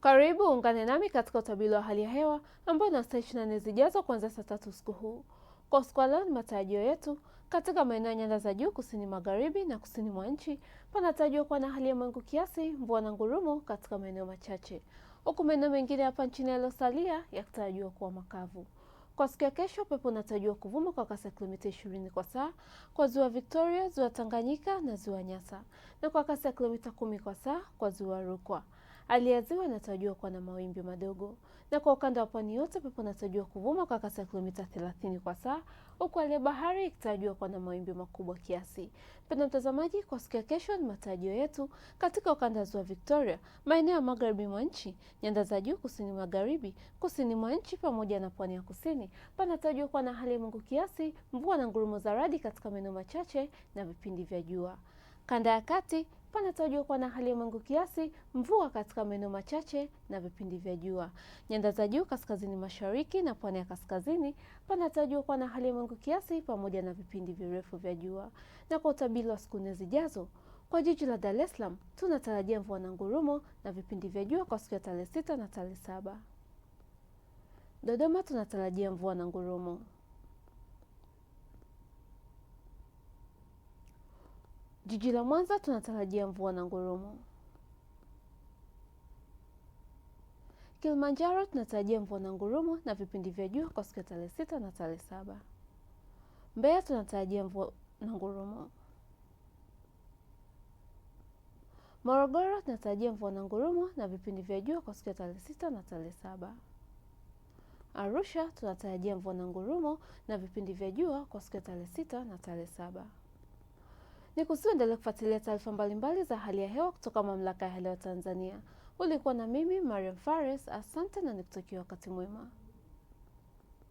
Karibu ungane nami katika utabiri wa hali ya hewa ambao na saa 24 zijazo kuanzia saa tatu usiku huu. Kwa usiku wa leo, ni matarajio yetu katika maeneo ya nyanda za juu kusini magharibi na kusini mwa nchi panatarajiwa kuwa na hali ya mawingu kiasi, mvua na ngurumo katika maeneo machache, huku maeneo mengine hapa nchini yaliyosalia yakitarajiwa kuwa makavu. Kwa siku ya kesho, pepo unatarajiwa kuvuma kwa kasi ya kilomita 20 kwa saa kwa ziwa Victoria, ziwa Tanganyika na ziwa Nyasa, na kwa kasi ya kilomita 10 kwa saa kwa ziwa Rukwa. Hali ya ziwa inatarajiwa kuwa na mawimbi madogo, na kwa ukanda wa pwani yote pepo inatarajiwa kuvuma kwa kasi ya kilomita 30 kwa saa, huku hali ya bahari ikitarajiwa kuwa na mawimbi makubwa kiasi. Mpendwa mtazamaji, kwa siku ya kesho ni matarajio yetu katika ukanda wa ziwa Victoria, maeneo ya magharibi mwa nchi, nyanda za juu kusini magharibi, kusini mwa nchi pamoja na pwani ya kusini, panatarajiwa kuwa na hali ya mawingu kiasi, mvua na ngurumo za radi katika maeneo machache na vipindi vya jua. Kanda ya kati panatarajiwa kuwa na hali ya mawingu kiasi, mvua katika maeneo machache na vipindi vya jua. Nyanda za juu kaskazini mashariki na pwani ya kaskazini panatarajiwa kuwa na hali ya mawingu kiasi pamoja na vipindi virefu vya jua. Na kwa utabiri wa siku nne zijazo, kwa jiji la Dar es Salaam tunatarajia mvua na ngurumo na vipindi vya jua kwa siku ya tarehe sita na tarehe saba. Dodoma tunatarajia mvua na ngurumo. Jiji la Mwanza tunatarajia mvua na ngurumo. Kilimanjaro tunatarajia mvua na ngurumo na vipindi vya jua kwa siku ya tarehe sita na tarehe saba. Mbeya tunatarajia mvua na ngurumo. Morogoro tunatarajia mvua na ngurumo na vipindi vya jua kwa siku ya tarehe sita na tarehe saba. Arusha tunatarajia mvua na ngurumo na vipindi vya jua kwa siku ya tarehe sita na tarehe saba. Ni kusiuendelea kufuatilia taarifa mbalimbali za hali ya hewa kutoka mamlaka ya hali ya hewa Tanzania. Ulikuwa na mimi Mariam Fares, asante na nikutakia wakati mwema.